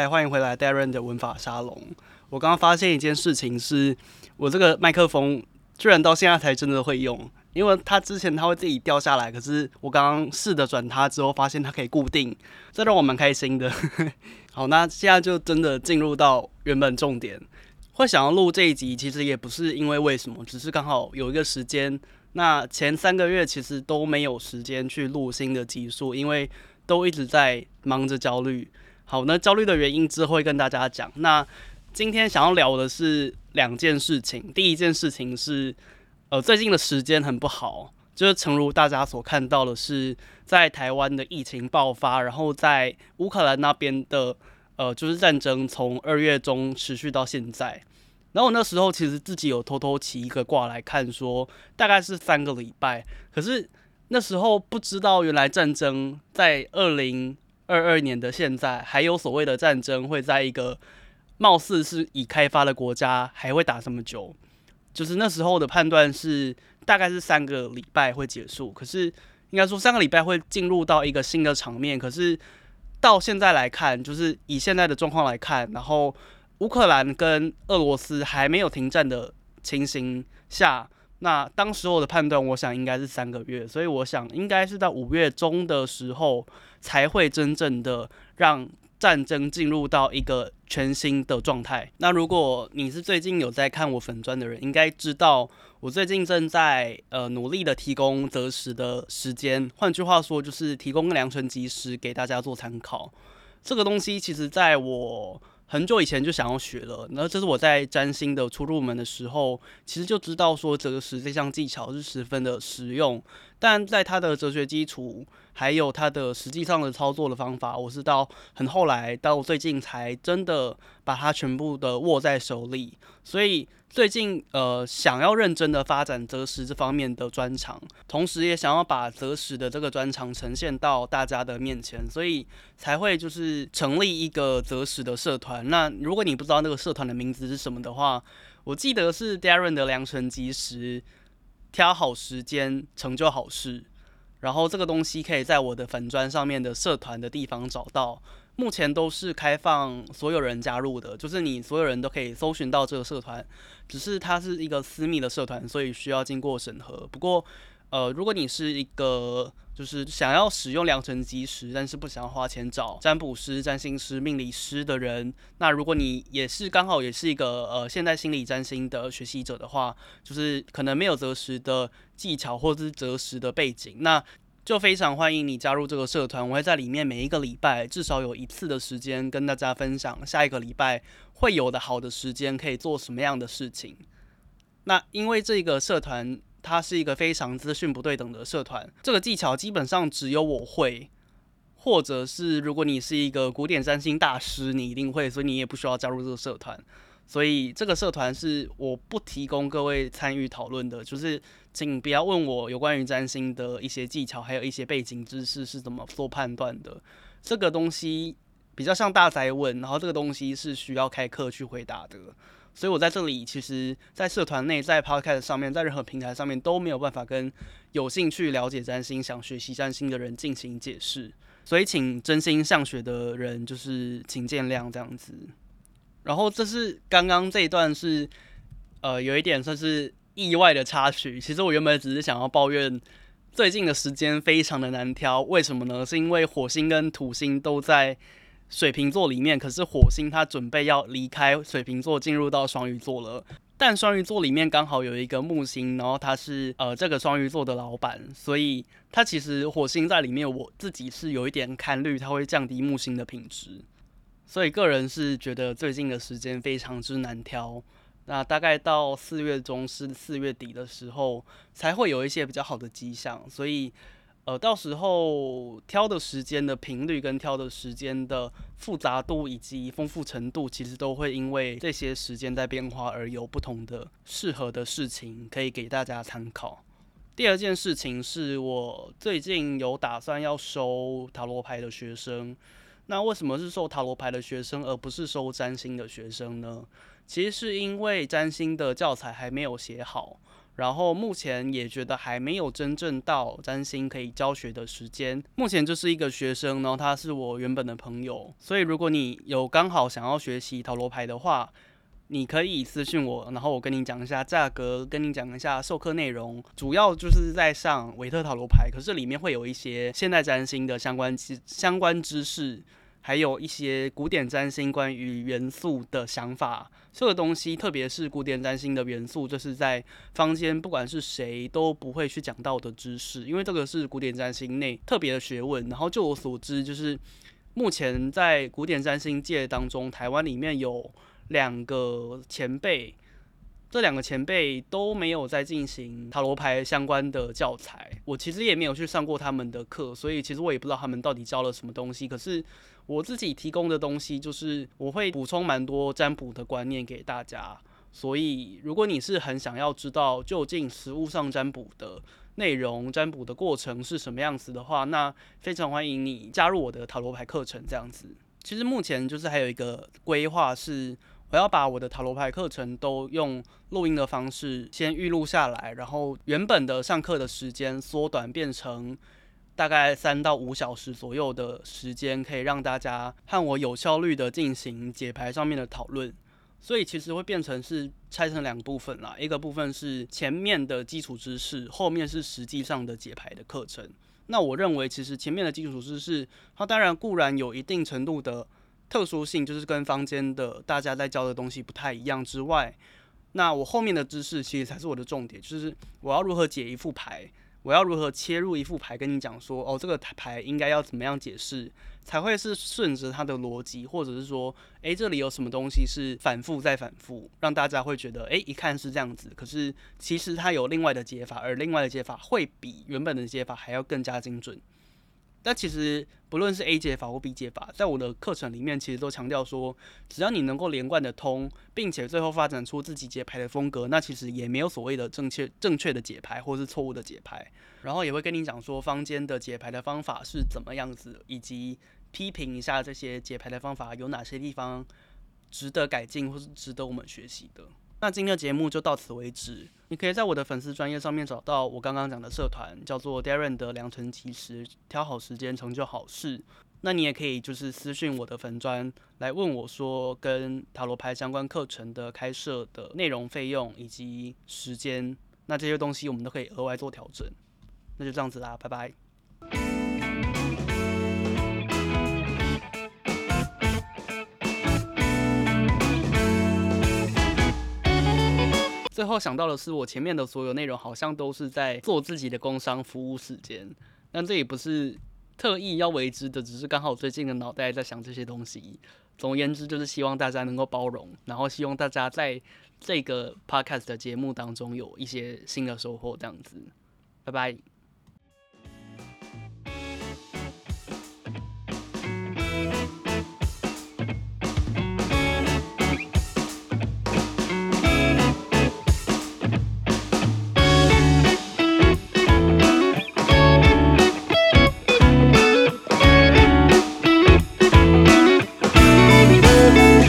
來，歡迎回來，Darren 的文法沙龍。我剛剛發現一件事情是，是我這個麥克風居然到現在才真的會用，因為它之前它會自己掉下來。可是我剛剛試着轉它之後，發現它可以固定，這讓我蠻開心的。 好，那現在就真的進入到原本重點。會想要錄這一集，其實也不是因為為什麼，只是剛好有一個時間。那前三個月其實都沒有時間去錄新的集數，因為都一直在忙着焦慮。好，那焦慮的原因之後會跟大家講。那今天想要聊的是兩件事情。第一件事情是，呃，最近的時間很不好，就是誠如大家所看到的是，是在台灣的疫情爆發，然後在烏克蘭那邊的，呃，就是戰爭從二月中持續到現在。然後我那時候其實自己有偷偷起一個卦來看說，說大概是三個禮拜。可是那時候不知道原來戰爭在二零。二二年的現在，還有所謂的戰爭會在一個貌似是已開發的國家還會打這麼久？就是那時候的判斷是大概是三個禮拜會結束，可是應該說三個禮拜會進入到一個新的場面。可是到現在來看，就是以現在的狀況來看，然後烏克蘭跟俄羅斯還沒有停戰的情形下。那當時我的判斷，我想應該是三個月，所以我想應該是在五月中的時候才會真正的讓戰爭進入到一個全新的狀態。那如果你是最近有在看我粉專的人，應該知道我最近正在呃努力的提供擇時的時間，換句話說就是提供個良辰吉時給大家做參考。這個東西其實在我。很久以前就想要學了，然後這是我在占星的初入門的時候，其實就知道說這個是這項技巧是十分的實用。但在他的哲學基礎，還有他的實際上的操作的方法，我是到很後來，到最近才真的把他全部的握在手裡。所以最近呃，想要認真的發展擇時這方面的專長，同時也想要把擇時的這個專長呈現到大家的面前，所以才會就是成立一個擇時的社團。那如果你不知道那個社團的名字是什麼的話，我記得是 Darren 的良辰吉時。挑好時間，成就好事。然後這個東西可以在我的粉專上面的社團的地方找到。目前都是開放所有人加入的，就是你所有人都可以搜尋到這個社團，只是它是一個私密的社團，所以需要經過審核。不過，呃，如果你是一個就是想要使用良辰吉時，但是不想要花錢找占卜師、占星師、命理師的人，那如果你也是剛好也是一個呃現代心理占星的學習者的話，就是可能沒有擇時的技巧或者是擇時的背景，那就非常歡迎你加入這個社團。我會在裡面每一個禮拜至少有一次的時間跟大家分享下一個禮拜會有的好的時間可以做什麼樣的事情。那因為這個社團。它是一個非常資訊不對等的社團，這個技巧基本上只有我會，或者是如果你是一個古典占星大師，你一定會，所以你也不需要加入這個社團。所以這個社團是我不提供各位參與討論的，就是請不要問我有關於占星的一些技巧，還有一些背景知識是怎麼做判斷的。這個東西比較像大哉問，然後這個東西是需要開課去回答的。所以，我在這裡，其實在社團內，在 podcast 上面，在任何平台上面都沒有辦法跟有興趣了解占星、想學習占星的人進行解釋。所以，請真心向學的人，就是請見諒這樣子。然後，這是剛剛這一段是呃，有一點算是意外的插曲。其實我原本只是想要抱怨最近的時間非常的難挑。為什麼呢？是因為火星跟土星都在。水瓶座裡面，可是火星他準備要離開水瓶座，進入到雙魚座了。但雙魚座裡面剛好有一個木星，然後他是呃，這個雙魚座的老闆，所以他其實火星在裡面，我自己是有一點看慮，它會降低木星的品質。所以個人是覺得最近的時間非常之難挑，那大概到四月中是四月底的時候，才會有一些比較好的跡象。所以。呃，到時候挑的時間的頻率、跟挑的時間的複雜度以及豐富程度，其實都會因為這些時間在變化而有不同的適合的事情可以給大家參考。第二件事情是我最近有打算要收塔羅牌的學生，那為什麼是收塔羅牌的學生而不是收占星的學生呢？其實是因為占星的教材還沒有寫好。然後目前也覺得還沒有真正到占星可以教學的時間。目前就是一個學生，然後他是我原本的朋友。所以如果你有剛好想要學習塔羅牌的話，你可以私訊我，然後我跟你講一下價格，跟你講一下授課內容。主要就是在上維特塔羅牌，可是裡面會有一些現代占星的相關相關知識。還有一些古典占星關於元素的想法，這個東西，特別是古典占星的元素，就是在坊間不管是誰都不會去講到的知識，因為這個是古典占星內特別的學問。然後就我所知，就是目前在古典占星界當中，台灣裡面有兩個前輩，這兩個前輩都沒有在進行塔羅牌相關的教材。我其實也沒有去上過他們的課，所以其實我也不知道他們到底教了什麼東西。可是。我自己提供的東西就是我會補充蠻多占卜的觀念給大家，所以如果你是很想要知道究竟實務上占卜的內容、占卜的過程是什麼樣子的話，那非常歡迎你加入我的塔羅牌課程。這樣子，其實目前就是還有一個規劃是我要把我的塔羅牌課程都用錄音的方式先預錄下來，然後原本的上課的時間縮短變成。大概三到五小時左右的時間，可以讓大家和我有效率的進行解牌上面的討論，所以其實會變成是拆成兩部分啦，一個部分是前面的基礎知識，後面是實際上的解牌的課程。那我認為，其實前面的基礎知識，它當然固然有一定程度的特殊性，就是跟坊間的大家在教的東西不太一樣之外，那我後面的知識其實才是我的重點，就是我要如何解一副牌。我要如何切入一副牌，跟你講說，哦，這個牌應該要怎麼樣解釋，才會是順着它的邏輯，或者是說，誒，這裡有什麼東西是反復再反復，讓大家會覺得，誒，一看是這樣子，可是其實它有另外的解法，而另外的解法會比原本的解法還要更加精準。但其實不論是 A 解法或 B 解法，在我的課程裡面其實都強調說，只要你能夠連貫的通，並且最後發展出自己解牌的風格，那其實也沒有所謂的正確正確的解牌或是錯誤的解牌。然後也會跟你講說坊間的解牌的方法是怎麼樣子，以及批評一下這些解牌的方法有哪些地方值得改進或是值得我們學習的。那今天的節目就到此為止。你可以在我的粉絲專頁上面找到我剛剛講的社團，叫做 Darren 的良辰吉時，挑好時間成就好事。那你也可以就是私訊我的粉專來問我說，跟塔羅牌相關課程的開設的內容、費用以及時間，那這些東西我們都可以額外做調整。那就這樣子啦，拜拜。最後想到的是，我前面的所有內容好像都是在做自己的工商服務時間，但這也不是特意要為之的，只是剛好最近的腦袋在想這些東西。總而言之，就是希望大家能夠包容，然後希望大家在這個 podcast 的節目當中有一些新的收穫。這樣子，拜拜。